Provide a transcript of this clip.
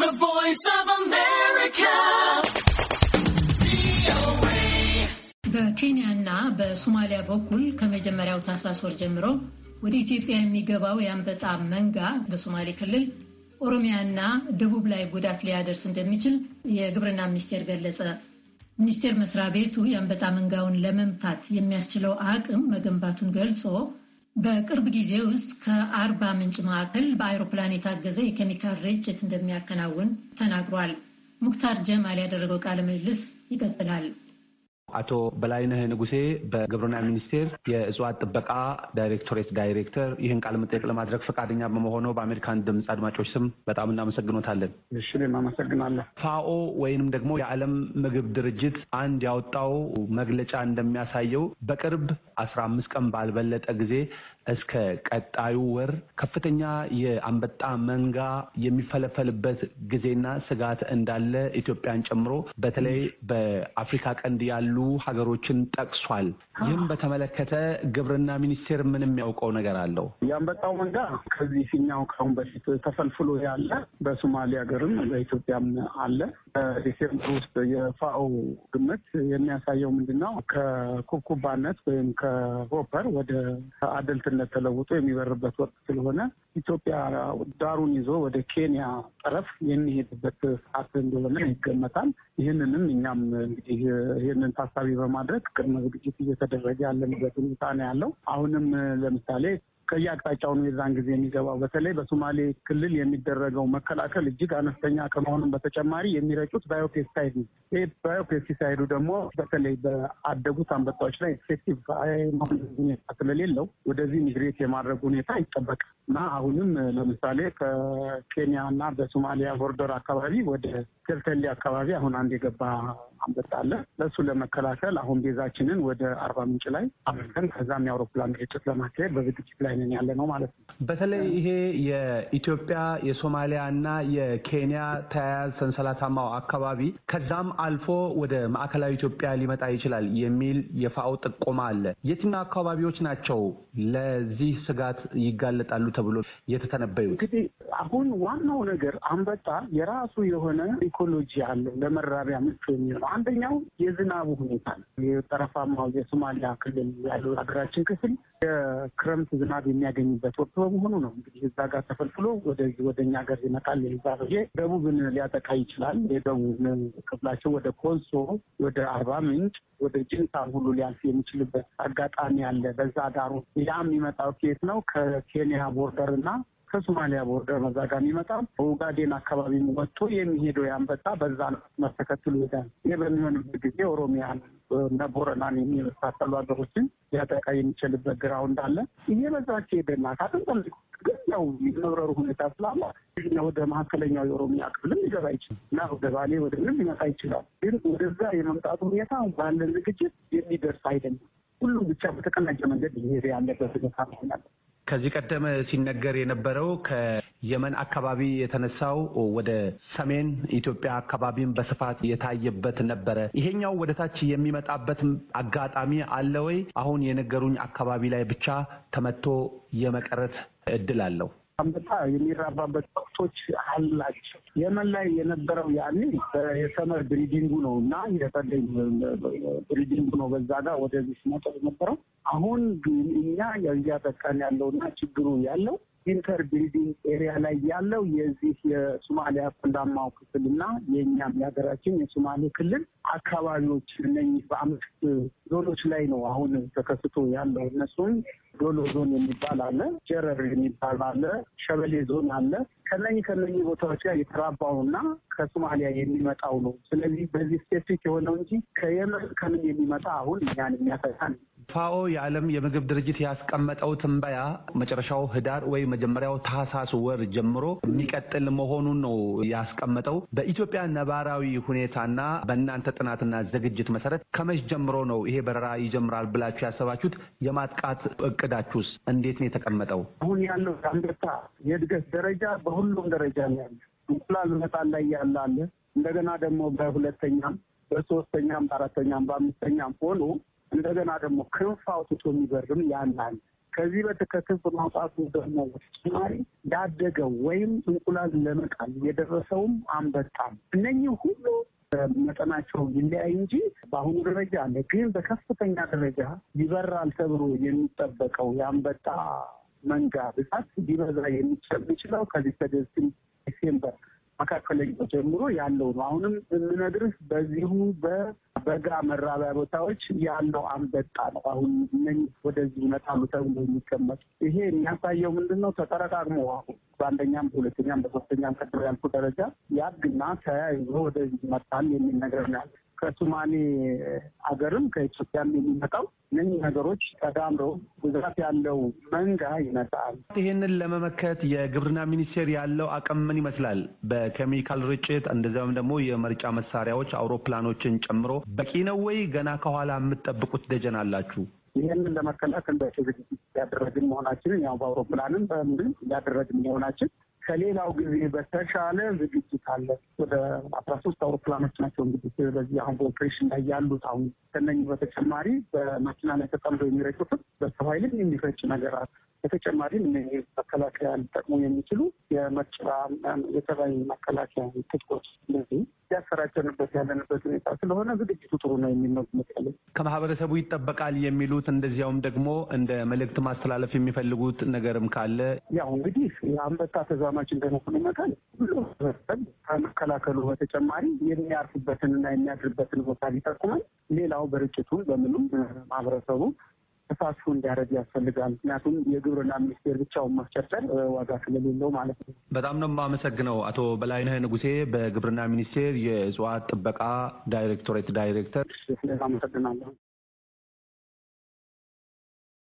The Voice of America. በኬንያና በሶማሊያ በኩል ከመጀመሪያው ታህሳስ ወር ጀምሮ ወደ ኢትዮጵያ የሚገባው የአንበጣ መንጋ በሶማሌ ክልል ኦሮሚያና ደቡብ ላይ ጉዳት ሊያደርስ እንደሚችል የግብርና ሚኒስቴር ገለጸ። ሚኒስቴር መስሪያ ቤቱ የአንበጣ መንጋውን ለመምታት የሚያስችለው አቅም መገንባቱን ገልጾ በቅርብ ጊዜ ውስጥ ከአርባ ምንጭ ማዕከል በአይሮፕላን የታገዘ የኬሚካል ርጭት እንደሚያከናውን ተናግሯል። ሙክታር ጀማል ያደረገው ቃለ ምልልስ ይቀጥላል። አቶ በላይነህ ንጉሴ በግብርና ሚኒስቴር የእጽዋት ጥበቃ ዳይሬክቶሬት ዳይሬክተር ይህን ቃለ መጠየቅ ለማድረግ ፈቃደኛ በመሆኑ በአሜሪካን ድምፅ አድማጮች ስም በጣም እናመሰግኖታለን። እሺ እናመሰግናለን። ፋኦ ወይንም ደግሞ የዓለም ምግብ ድርጅት አንድ ያወጣው መግለጫ እንደሚያሳየው በቅርብ አስራ አምስት ቀን ባልበለጠ ጊዜ እስከ ቀጣዩ ወር ከፍተኛ የአንበጣ መንጋ የሚፈለፈልበት ጊዜና ስጋት እንዳለ ኢትዮጵያን ጨምሮ በተለይ በአፍሪካ ቀንድ ያሉ ያሉ ሀገሮችን ጠቅሷል። ይህም በተመለከተ ግብርና ሚኒስቴር ምን የሚያውቀው ነገር አለው? የአንበጣው መንጋ ከዚህ ፊኛው ከአሁን በፊት ተፈልፍሎ ያለ በሶማሌ ሀገርም በኢትዮጵያም አለ። በዲሴምበር ውስጥ የፋኦ ግምት የሚያሳየው ምንድነው ከኩብኩባነት ወይም ከሆፐር ወደ አደልትነት ተለውጦ የሚበርበት ወቅት ስለሆነ ኢትዮጵያ ዳሩን ይዞ ወደ ኬንያ ጠረፍ የሚሄድበት ሰዓት እንደሆነ ይገመታል። ይህንንም እኛም እንግዲህ ይህንን ታሳቢ በማድረግ ቅድመ ዝግጅት እየተደረገ ያለንበት ሁኔታ ነው ያለው። አሁንም ለምሳሌ ከየአቅጣጫው ነው የዛን ጊዜ የሚገባው። በተለይ በሶማሌ ክልል የሚደረገው መከላከል እጅግ አነስተኛ ከመሆኑም በተጨማሪ የሚረጩት ባዮፔስቲሳይድ ነው። ይህ ባዮፔስቲሳይዱ ደግሞ በተለይ በአደጉት አንበጣዎች ላይ ኤፌክቲቭ መሆን ሁኔታ ስለሌለው ወደዚህ ሚግሬት የማድረግ ሁኔታ ይጠበቃል እና አሁንም ለምሳሌ ከኬንያ እና በሶማሊያ ቦርደር አካባቢ ወደ ቴልቴሌ አካባቢ አሁን አንድ የገባ አንበጣ አለ። ለእሱ ለመከላከል አሁን ቤዛችንን ወደ አርባ ምንጭ ላይ አመልከን ከዛም የአውሮፕላን ርጭት ለማካሄድ በዝግጅት ላይ እየተገናኘን ያለ ነው ማለት ነው። በተለይ ይሄ የኢትዮጵያ የሶማሊያ እና የኬንያ ተያያዝ ሰንሰለታማው አካባቢ ከዛም አልፎ ወደ ማዕከላዊ ኢትዮጵያ ሊመጣ ይችላል የሚል የፋኦ ጥቆማ አለ። የትኛው አካባቢዎች ናቸው ለዚህ ስጋት ይጋለጣሉ ተብሎ የተተነበዩ? እንግዲህ አሁን ዋናው ነገር አንበጣ የራሱ የሆነ ኢኮሎጂ አለው ለመራቢያ ምቹ የሚሆነው አንደኛው የዝናቡ ሁኔታ ነው። የጠረፋማው የሶማሊያ ክልል ያለው ሀገራችን ክፍል የክረምት ዝናብ የሚያገኝበት ወቅት በመሆኑ ነው። እንግዲህ እዛ ጋር ተፈልፍሎ ወደዚህ ወደኛ ሀገር ይመጣል። የዛ ደቡብን ሊያጠቃ ይችላል። የደቡብ ክፍላቸው ወደ ኮንሶ፣ ወደ አርባ ምንጭ፣ ወደ ጅንሳ ሁሉ ሊያልፍ የሚችልበት አጋጣሚ አለ። በዛ ዳሩ ያ የሚመጣው ኬት ነው ከኬንያ ቦርደር እና ከሶማሊያ ቦርደር በዛ ጋር የሚመጣም በኡጋዴን አካባቢም ወጥቶ የሚሄደው ያንበጣ በዛ መስመር ይሄዳል። ይህ በሚሆንበት ጊዜ ኦሮሚያን እና ቦረናን የሚመሳሰሉ ሀገሮችን ሊያጠቃ የሚችልበት ግራውንድ አለ። ይሄ በዛቸው ሄደና ካደንጠልቁ ግን ያው የመብረሩ ሁኔታ ስላለ ወደ መካከለኛው የኦሮሚያ ክፍልም ሊገባ ይችላል እና ወደ ባሌ ወደ ምንም ሊመጣ ይችላል። ግን ወደዛ የመምጣቱ ሁኔታ ባለን ዝግጅት የሚደርስ አይደለም። ሁሉም ብቻ በተቀናጀ መንገድ ይሄ ያለበት ሁኔታ ነው ከዚህ ቀደም ሲነገር የነበረው ከየመን አካባቢ የተነሳው ወደ ሰሜን ኢትዮጵያ አካባቢም በስፋት የታየበት ነበረ። ይሄኛው ወደ ታች የሚመጣበት አጋጣሚ አለ ወይ? አሁን የነገሩኝ አካባቢ ላይ ብቻ ተመቶ የመቀረት እድል አለው። አንበጣ የሚራባበት መብቶች አላቸው። የመን ላይ የነበረው ያኔ የሰመር ብሪዲንጉ ነው እና የጸደይ ብሪዲንጉ ነው በዛ ጋር ወደዚህ ሲመጣ የነበረው አሁን እኛ እያጠቃን ያለውና ችግሩ ያለው ኢንተር ቢልዲንግ ኤሪያ ላይ ያለው የዚህ የሶማሊያ ቆንዳማው ክፍል እና የእኛም የሀገራችን የሶማሌ ክልል አካባቢዎች እነኚህ በአምስት ዞኖች ላይ ነው አሁን ተከስቶ ያለው። እነሱም ዶሎ ዞን የሚባል አለ፣ ጀረር የሚባል አለ፣ ሸበሌ ዞን አለ። ከነኚህ ከነኚህ ቦታዎች ጋር የተራባው እና ከሶማሊያ የሚመጣው ነው። ስለዚህ በዚህ ስፔሲፊክ የሆነው እንጂ ከየመን ከምን የሚመጣ አሁን እኛን የሚያፈታን ፋኦ የዓለም የምግብ ድርጅት ያስቀመጠው ትንበያ መጨረሻው ህዳር ወይ መጀመሪያው ታህሳስ ወር ጀምሮ የሚቀጥል መሆኑን ነው ያስቀመጠው። በኢትዮጵያ ነባራዊ ሁኔታና በእናንተ ጥናትና ዝግጅት መሰረት ከመች ጀምሮ ነው ይሄ በረራ ይጀምራል ብላችሁ ያሰባችሁት? የማጥቃት እቅዳችሁስ እንዴት ነው የተቀመጠው? አሁን ያለው አንበጣ የእድገት ደረጃ በሁሉም ደረጃ ነው ያለ። እንቁላል መጣል ላይ ያለ አለ። እንደገና ደግሞ በሁለተኛም በሶስተኛም በአራተኛም በአምስተኛም ሆኖ እንደገና ደግሞ ክንፍ አውጥቶ የሚበርም ያናል። ከዚህ በተከትፍ በማውጣቱ ደግሞ በተጨማሪ ያደገው ወይም እንቁላል ለመጣል የደረሰውም አንበጣም እነኚህ ሁሉ መጠናቸው ይለያይ እንጂ በአሁኑ ደረጃ አለ። ግን በከፍተኛ ደረጃ ይበራል ተብሎ የሚጠበቀው የአንበጣ መንጋ ብዛት ሊበዛ የሚችለው ከዚህ ከደስ ዲሴምበር መካከለኛው ጀምሮ ያለው ነው። አሁንም የምነግርህ በዚሁ በበጋ መራቢያ ቦታዎች ያለው አንበጣ ነው። አሁን ምን ወደዚህ ይመጣሉ ተብሎ የሚቀመጥ ይሄ የሚያሳየው ምንድን ነው? ተጠረቃቅሞ አሁን በአንደኛም በሁለተኛም በሶስተኛም ቀድሞ ያልኩ ደረጃ ያድግና ተያይዞ ወደዚህ ይመጣል የሚል ነገር ነው። ከሱማሌ ሀገርም ከኢትዮጵያም የሚመጣው እነዚህ ነገሮች ተዳምረው ብዛት ያለው መንጋ ይመጣል። ይህንን ለመመከት የግብርና ሚኒስቴር ያለው አቅም ምን ይመስላል? በኬሚካል ርጭት እንደዚያም ደግሞ የመርጫ መሳሪያዎች አውሮፕላኖችን ጨምሮ በቂ ነው ወይ? ገና ከኋላ የምትጠብቁት ደጀን አላችሁ? ይህንን ለመከላከል በቂ እያደረግን መሆናችንን ያው በአውሮፕላንም በምንም እያደረግን መሆናችን ከሌላው ጊዜ በተሻለ ዝግጅት አለ። ወደ አስራ ሶስት አውሮፕላኖች ናቸው እንግዲህ በዚህ አሁን በኦፕሬሽን ላይ ያሉት። አሁን ከነኝ በተጨማሪ በመኪና ላይ ተጠምዶ የሚረጩትም በሰው ኃይልም የሚረጭ ነገር አለ። በተጨማሪም መከላከያ ሊጠቅሙ የሚችሉ የመርጭራ የተባይ መከላከያ ትጥቆች እነዚህ ያሰራጨንበት ያለንበት ሁኔታ ስለሆነ ዝግጅቱ ጥሩ ነው የሚል ነው መጠለ ከማህበረሰቡ ይጠበቃል የሚሉት እንደዚያውም ደግሞ እንደ መልእክት ማስተላለፍ የሚፈልጉት ነገርም ካለ ያው እንግዲህ የአንበጣ ተዛማች እንደመሆኑ መጠን ሁሉ ህብረተሰብ ከመከላከሉ በተጨማሪ የሚያርፉበትንና የሚያድርበትን ቦታ ሊጠቁመን ሌላው በርጭቱ በምኑም ማህበረሰቡ ተሳትፎ እንዲያደርግ ያስፈልጋል። ምክንያቱም የግብርና ሚኒስቴር ብቻውን ማስጨርጨር ዋጋ ስለሌለው ማለት ነው። በጣም ነው የማመሰግነው አቶ በላይነህ ንጉሴ በግብርና ሚኒስቴር የእጽዋት ጥበቃ ዳይሬክቶሬት ዳይሬክተር። አመሰግናለሁ።